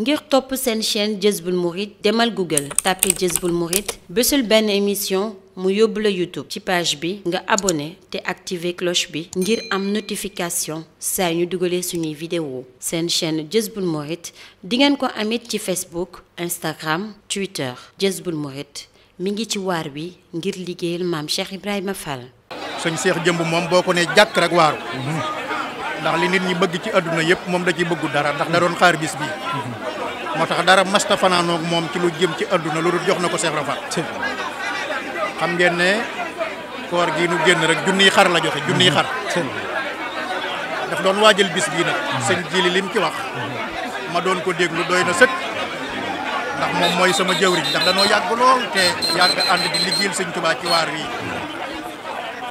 ngir top sen chaîne Jazboul Mourid demal Google Tapez Jazboul Mourid bésul ben émission mu YouTube ci page bi nga abonné té activer cloche bi ngir am notification sa ñu dugalee suñu vidéo sen chaîne Jazboul Mourid di ngeen ko amit ci Facebook Instagram Twitter Jazboul Mourid mi ngi ci waar wi ngir liggéeyal mam Cheikh Ibrahima Fall. sëñ Cheikh Jëmb mom boko né jak rek waaru. Mhm. ndax li nit ñi bëgg ci aduna yépp moom da ci bëggu dara ndax da doon xaar bis bi mhm. motax tax dara mustafa nano mom ci lu jëm ci aduna lu dul jox nako Cheikh rafat xam ngeen ne koor gi nu genn rek jooni xar la joxe jooni xar daf doon waajal bis nak jili lim ci wax ma doon ko deg lu doyna sëkk ndax mom moy sama jëwriñ ndax no yag lool te yag and di liggéeyal seigne touba ci war wi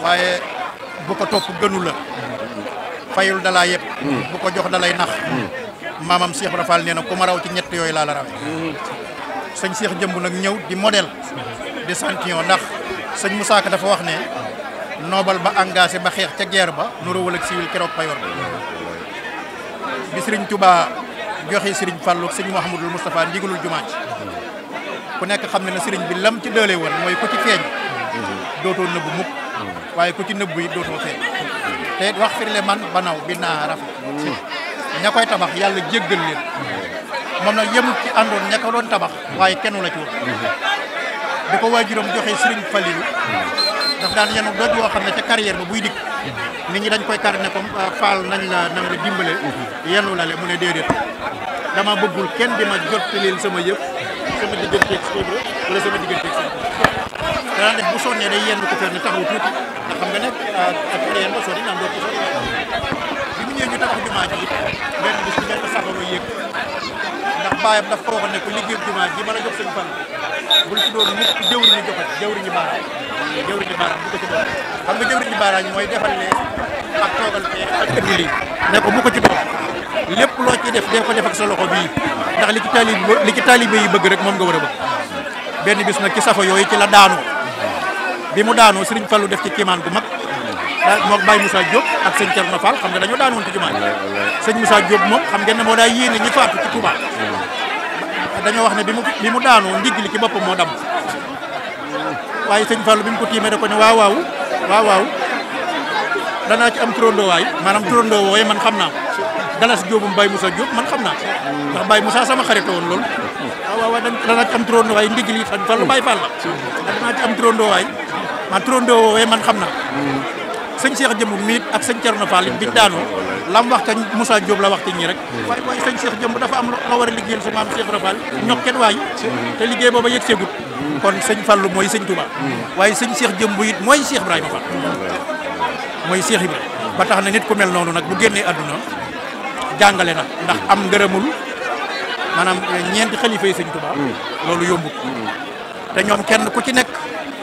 waye bu ko top gënul la mm. fayul dalaa yeb mm. bu ko jox dalay nax mm. maamam Cheikh Ibra Fall nee na ku ma raw ci ñett yooyu laa la rawee sëñ Cheikh jëmb nag ñëw di modèle di santion ndax sëñ mu Ka dafa wax ne noobal ba engagé ba xeex ca guerre ba nuróowal ak siwil keroog payor bi sëriñ Touba joxe sëriñ Fallu ak sëñ Mouhamadul Moustapha ndigalul jumaa ci ku nekk xam ne na sëriñ bi lam ci dëlee woon mooy ku ci feeñ dootoo nëbbu mukk waaye ku ci nëbbu yi dootoo feeñ te wax firle man banaw bi naa rafet ña koy tabax yàlla jéggal leen moom na yemul ci àndoon ña ko doon tabax waaye kenn la ci woon bi ko waajuram joxee Sëriñ Falilu daf daan yenu doj yoo xam ne ca carrière ba buy dikk nit ñi dañ koy kar ne comme ah, faal nañ la nang la dimbale la le mu ne déedéet dama bëggul kenn di ma jot jottaleel sama yëpp sama digganteeg sodro wala sama digganteeg sa danaa def bu sonnee day yenn ko fenn taxaw tuuti ndax xam nga nekk ah, ak ba sonni naan doo ko sonni ñëwee ñu tabax jumaa ji it benn bis bu nekk saxaru yëg ndax baayam daf ko waxoon ne ko liggéeyu jumaa ji mën a jox seen fan bul ci doon nit jëwri ñu bu ko mooy defal lee ak toogal fee ak ëpp ko ci lépp loo ci def dee ak sa loxo bii ndax li ci taalib li ci taalibe yi bëgg rek moom nga war a benn bis nag ci safo yooyu ci la daanu bi mu daanoo Serigne Fallou def ci kiimaan gu mag daal moom Baye Moussa Diop ak sëñ Thierno Fall xam nga dañoo daanoon ci jumaa ji sëñ Moussa Diop moom xam ngeen ne moo daa yéene ñi faatu hmm. dañoo wax ne bi mu bi mu daanoo ndigg li ci boppam moo dam waaye sëñ Fallou bi mu ko tiimee da ko ne waaw waaw ci am turandoo waay maanaam turandoo wooye man xam naa ko dalas Diobum Baye Moussa Diop man xam naa ko ndax Baye Moussa sama xarito woon loolu hmm. waaw waaw waaw am turandoo waay ndigg li sëñ Fallou Baye hmm. am turandoo waay man turandoo wooye man xam naa sëñ Cheikh Jëmb miit ak sëñ Thierno Fall bi daanoo lam wax te Moussa Diop la wax ñi rek waaye waaye sëñ Cheikh Jëmb dafa am la war a liggéeyal sa maam Cheikh Rafal ñokket waay te liggéey booba yëg seegut kon sëñ Fallu mooy sëñ Touba waaye sëñ Cheikh Jëmb it mooy Cheikh Ibrahima Fall mooy Cheikh Ibrahima ba tax na nit ku mel noonu nag bu génnee àdduna jàngale nag ndax am ngërëmul maanaam ñeenti xalifa yi sëñ Touba mm. loolu yombut te ñoom kenn ku ci nekk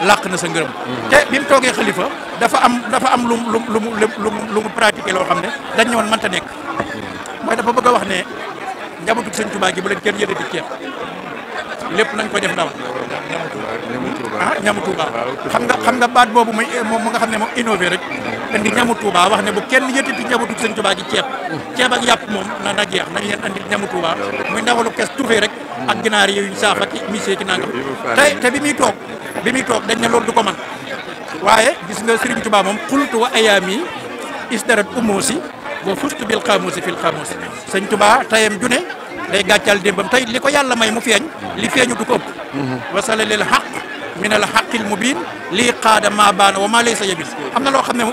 làq na sa ngërëm. te bi mu toogee xalifa dafa am dafa am lu lu mu lu lu lu mu pratiqué loo xam ne dañ ñëwoon mënta nekk. mooy dafa bëgg a wax ne njabootu sëñ Tuubaa gi bu leen kenn yëkkati ceeb lépp nañ ko def ndaw. ah ñamu Tuubaa xam nga xam nga baat boobu muy moom mu nga xam ne moom innové rek indi ñamu Tuubaa wax ne bu kenn yëkkati njabootu sëñ Tuubaa gi ceeb ceeb ak yàpp moom na na jeex nañ leen andil ñamu Tuubaa muy ndawalu kes tuufee rek ak ginaar yooyu saaf ak misee ki nangam tey te bi muy toog bi muy toog dañ ne loolu du ko man waaye gis nga Sëriñ Tuubaa moom xultu wa ayaami isdarat umoosi wa fustu bil xaamusi fil xaamusi sëñ Tuubaa tayam june day gàccal démbam tey li ko yàlla may mu feeñ li feeñu du ko ëpp wasala lil xaq min al xaqil mubin lii qaada ma baana wa ma laysa yabis loo xam ne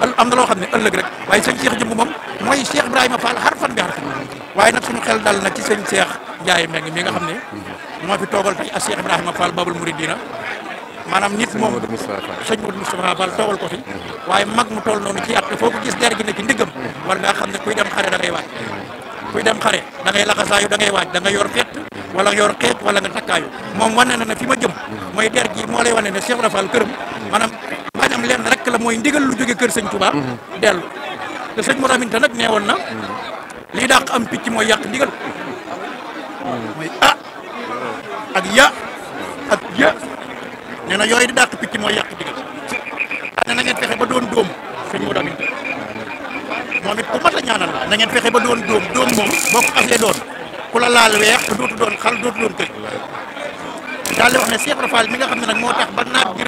am na loo xam ne ëllëg rek waaye sëñ Cheikh jëmb moom mooy Cheikh Ibrahima Fall xar fan bi xar waaye nag suñu xel dal na ci sëñ Cheikh Ndiaye Mbengue mi nga xam ne moo fi toogal tey ak Cheikh Ibrahima Fall Babul Mouridina maanaam nit moom sëñ Modou Moustapha Fall toogal ko fi waaye mag mu toll noonu ci at foo ko gis der gi ne ci ndiggam wala nga xam ne kuy dem xare da ngay waaj kuy dem xare da ngay laxasaayu da ngay waaj da yor fett wala yor xeet wala nga takkaayu moom wane na ne fi ma jëm mooy der lay wane ne Cheikh Ibrahima ñoom len rek la moy ndigal lu joge keur seigne Touba mhm. dellu te sëñ Mor Aminta nag newon na mhm. li dàq am picc moy yak ndigal moy mhm. ah ak ya ak ya nee yoy di dàq picc moy yak ndigal nee ngeen fexé ba doon dom seigne mourad Aminta moom it ku ñaanal la na ngeen fexé ba doon dom dom mom boo doon kula laal wex dootu doon xal dootu doon wax Cheikh Rafal mi nga tax ba naat gi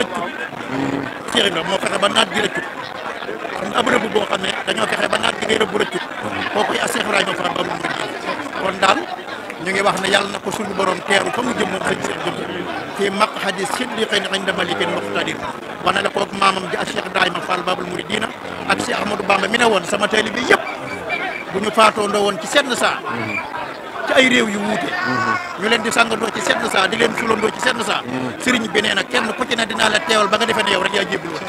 Cheikh Ibra moo fexe ba naat gi rëccut xam nga ab rëbb boo xam dañoo fexe ba naat gi ngay rëbb rëccut kooku ak Cheikh Ibrahima Fall ba mu mujj kon daal ñu ngi wax ne yàlla na ko suñu borom teeru fa mu jëm moom sëñ Cheikh jëm fii maq xadis li xëy na xañ damaliken muxtadir wane la kook maamam ji ak Cheikh Ibrahima Fall Babul Mouridina ak Cheikh mi ne woon sama taalibe bi yëpp bu ñu faatoo ndoo woon ci senn saa ci ay rew yu wuté ñu leen di sangandoo ci seetlu sa di leen sulandoo ci seetlu sa sëriñ bi nee kenn ku ci na dina la téwal ba nga defee ne yow rek ya jébbul woon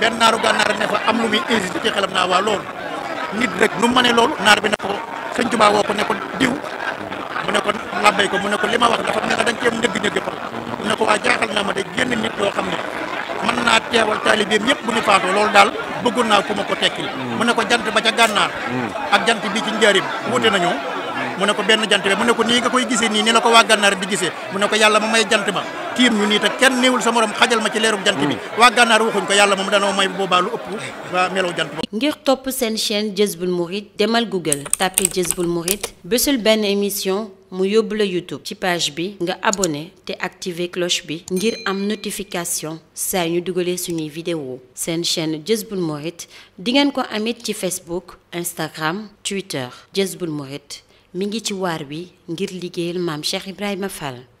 ben naaru gànnaar ne fa am lu mi hésité ci xalam na wa lool nit rek nu mané lool naar bi ne ko sëñ Tuubaa woo ko ne ko diw mu ne ko labbay ko mu ne ko li wax dafa mel ne dañ cee nëgg-nëgg pal mu ne ko waa jaaxal na ma de genn nit yoo xamne naa teewal taalibeem yëpp bu ñu faatoo loolu daal bëggoon naa ku ma ko tekkil mm. mu ne ko jant ba ca gànnaar mm. ak jant bi ci njaarim wuute nañu mm. mu ne ko benn jant bi mu ne ko koy gisee ni la ko waa gànnaar di gisee mu yàlla ma may jant ba tiim ñu nii te kenn néewul sa morom xajal ma ci leerug jant bi waa gànnaar waxuñ ko yàlla moom danoo may boobaa lu ëpp waa melow jant ba ngir topp seen chaîne Jazboul Mouride demal Google tapé Jazboul Mouride bésul benn émission mu YouTube ci page bi nga abonné té activer cloche bi ngir am notification saa ñu dugalee suñuy vidéo sen chaîne Jazboul Mouride di ngeen ko amit ci Facebook Instagram Twitter jezbul morit mi ngi ci war wi ngir liggéeyal mam Cheikh Ibrahima Fall.